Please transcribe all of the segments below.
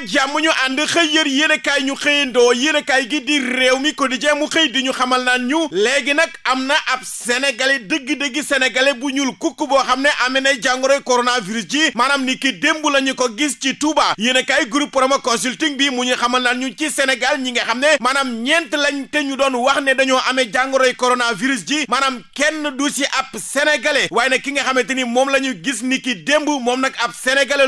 ak jàmm ñu ànd xëy yër yéenekaay ñu xëyandoo yéenekaay gi di réew mi ko quotidien mu xëy di ñu xamal naan ñu léegi nag am na ab sénégalais dëgg-dëgg sénégalais bu ñuul kukk boo xam ne amee na jàngoroy coronavirus ji maanaam ni ki démb la ñu ko gis ci Touba yéenekaay groupe promo consulting bi mu ñu xamal naan ñu ci Sénégal ñi nga xam ne maanaam ñeent lañ te ñu doon wax ne dañoo amee jàngoroy coronavirus ji maanaam kenn du si ab sénégalais waaye nag ki nga xamante ni moom la ñu gis ni ki démb moom nag ab sénégalais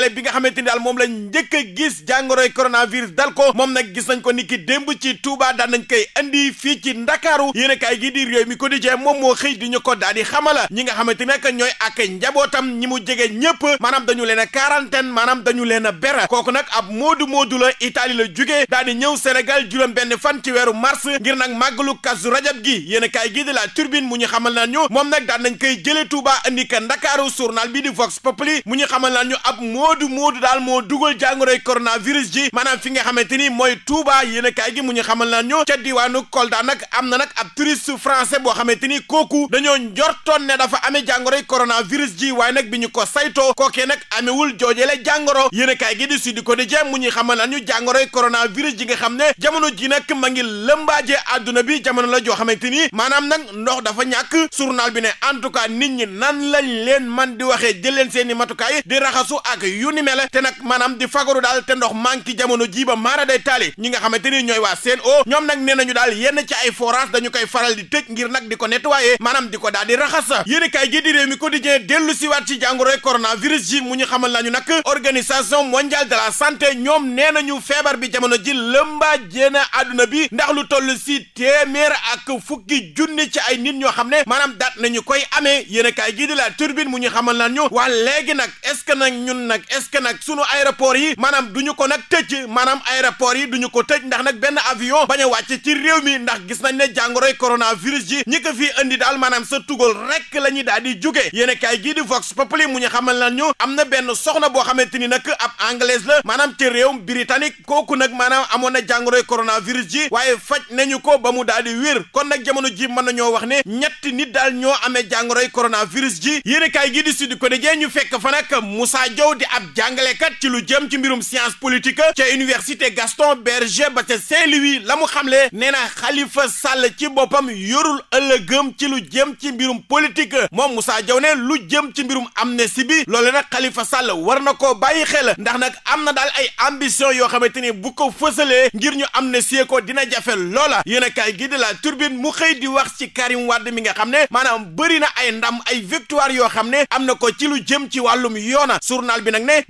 la bi nga xamante ni daal moom lañ njëkk a gis jàngoroy coronavirus dal ko moom nag gis nañ ko ni ki démb ci Touba daan nañ koy andi fii ci Ndakaaru yéen a kaay gi di réew mi ko di jee moom moo xëy di ñu ko daal di xamala ñi nga xamante nekk ñooy ak njabootam ñi mu jege ñëpp maanaam dañu leen a quarantaine maanaam dañu leen a bera kooku nag ab moodu moodu la Italie la jugee daal di ñëw Sénégal juróom benn fan ci weeru mars ngir nag màggalu kazu rajab gi yéen a kaay gi la turbine mu ñu xamal naan ñu moom nag daan nañ koy jële Touba andi ka Ndakaaru journal bi di Vox ñu xamal naan ñu ab moodu moodu daal moo xeexul jàngoroy coronavirus ji maanaam fi nga xamante ni mooy Touba yéenekaay gi mu ñu xamal naan ñu ca diwaanu Kolda nag am na nag ab touriste français boo xamante ni kooku dañoo njortoon ne dafa amee jàngoroy coronavirus ji waaye nag bi ñu ko saytoo kookee nag amewul joojele jàngoro yéenekaay gi di Sud Quotidien mu ñu xamal naan ñu jàngoroy coronavirus ji nga xam ne jamono ji nag ma ngi lëmbaaje àdduna bi jamono la joo xamante ni maanaam nag ndox dafa ñàkk journal bi ne en tout cas nit ñi nan lañ leen man di waxee jël leen seen i matukaay di raxasu ak yu ni mel te nag maanaam di fagaru daal te ndox manque jamono ji ba maara day taali ñi nga xamante ni ñooy waa o ñoom nag nee nañu daal yenn ci ay forage dañu koy faral di tëj ngir nag di ko net waaye maanaam di ko daal di raxas yéen kaay gi mi réew di quotidien dellu si waat ci jàngoroy coronavirus ji mu ñu xamal nañu nag organisation mondiale de la ñoom nee ñu feebar bi jamono ji lëmbaa jéen a àdduna bi ndax lu toll si téeméer ak fukki junni ci ay nit ñoo xam ne maanaam daat nañu koy amee yéen kaay gi di la turbine mu ñu xamal nañu waa léegi nag nag ñun nag est nag sunu aéroport aéroport yi maanaam du ko nag tëj maanaam aéroport yi du ko tëj ndax nag benn avion bañ wàcce ci réew mi ndax gis nañ ne jàngoroy coronavirus ji ñi ko fii indi daal maanaam sa tugal rek la ñuy daal di jugee yéen gii di Vox Populi mu ñu xamal lan ñu am na benn soxna boo xamante ni nag ab anglaise la maanaam ci réewum britannique kooku nag maanaam amoon na jàngoroy coronavirus ji waaye faj nañu ko ba mu daal di wér kon nag jamono ji mën nañoo wax ne ñetti nit daal ñoo amee jàngoroy coronavirus ji yéen kaay gii di Sud Quotidien ñu fekk fa nag Moussa Diaw di ab jàngalekat ci lu jëm itam ci mbirum science politique ca université Gaston Berger ba ca Saint-Louis la mu xamle nee na Khalifa Sall ci boppam yorul ëllëgëm ci lu jëm ci mbirum politique moom Moussa Diaw ne lu jëm ci mbirum am amnistie sibi loole na Khalifa Sall war na koo bàyyi xel ndax nag am na daal ay ambition yoo xamante ni bu ko fësalee ngir ñu am amnistie ko dina jafe loola yéen a kaay la turbine mu xëy di wax ci Karim Wade mi nga xam ne maanaam bëri na ay ndam ay victoire yoo xam ne am na ko ci lu jëm ci wàllum yoona journal bi nag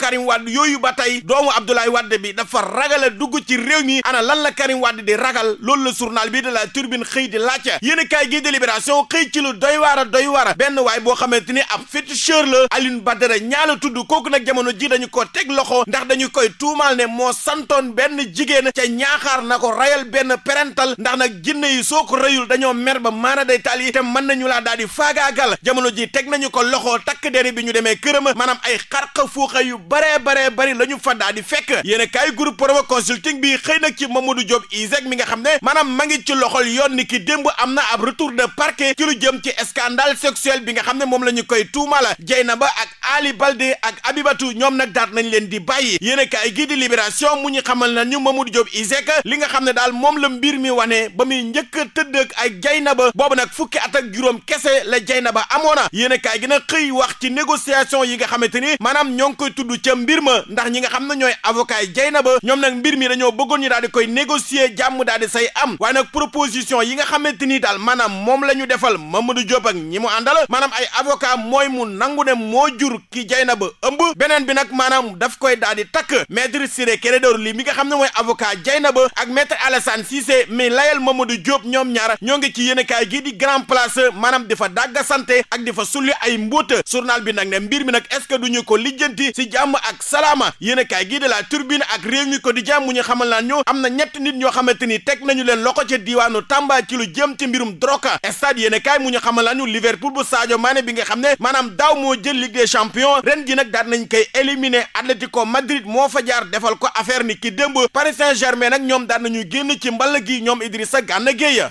Karim Wade yooyu ba tey doomu Abdoulaye wadd bi dafa ragal a dugg ci réew mi ana lan la Karim Wade di ragal loolu la journal bi de la Tribune xëy di laajta yéen kaay gi de Libération xëy ci lu doy waar doy waar benn waay boo xamante ni ab féticheur la ba Badara ñaala tudd kooku nag jamono ji dañu ko teg loxo ndax dañu koy tuumaal ne moo santoon benn jigéen ca ñaaxaar na ko rayal benn perental ndax nag jinne yi soo ko rëyul dañoo mer ba maana day taal yi mën nañu laa daal di faagaagal jamono ji teg nañu ko loxo takk deri bi ñu demee këram maanaam ay xarxa fuuxa yu baree baree bari la ñu fa daal fekk yéen a kaay groupe Promo Consulting bi xëy nag ci Mamadou Diop ISEG mi nga xam ne maanaam ma ngi ci loxol yoon ni ki démb am na ab retour de parquet ci lu jëm ci eskandal sexuel bi nga xam ne moom la ñu koy na ba ak Ali Balde ak Abibatu ñoom nag daat nañ leen di bàyyi yéen kaay gii di libération mu ñu xamal na ñu Mamadou Diop ISEC li nga xam ne daal moom la mbir mi wane ba muy njëkk ay jay na Jaynaba boobu nag fukki at ak juróom kese la jay na Jaynaba amoona yéen kaay gi na xëy wax ci négociation yi nga xamante ni maanaam ñoo ngi koy tudd ca mbir ma ndax ñi nga xam ne ñooy avocat yi Jaynaba ñoom nag mbir mi dañoo bëggoon ñu daal di koy négocier jàmm daal di say am waa nag proposition yi nga xamante ni daal maanaam moom la ñu defal Mamadou Diop ak ñi mu àndal maanaam ay avocat mooy mu nangu ne moo jur kii Jaynaba ëmb beneen bi nag maanaam daf koy daal di takk maître Ciré Clédor Ly mi nga xam ne mooy avocat Jaynaba ak maître Alassane Cissé mi layal Mamadou Diop ñoom ñaar ñoo ngi ci yéenekaay gii di grand place maanaam di fa dàgga santé ak di fa sulli ay mbóota journal bi nag ne mbir mi nag est-ce que duñu ko lijjanti si jàmm ak salaama yéenekaay gii de la turbine ak réew mi ko di jàmm mu ñu xamal naa ñu am na ñetti nit ñoo xamante ni teg nañu leen loxo ca diiwaanu Tamba ci lu jëm ci mbirum drogue stade yéenekaay mu ñu xamal naa ñu Liverpool bu Sadio bi nga xam ne maanaam daaw moo jël Ligue des champion ren ji nag daal nañ koy éliminer Atlético Madrid moo fa jaar defal ko affaire ni ki démb Paris Saint-Germain nag ñoom daal nañu génn ci mbal gi ñoom Idrissa Gana Gueye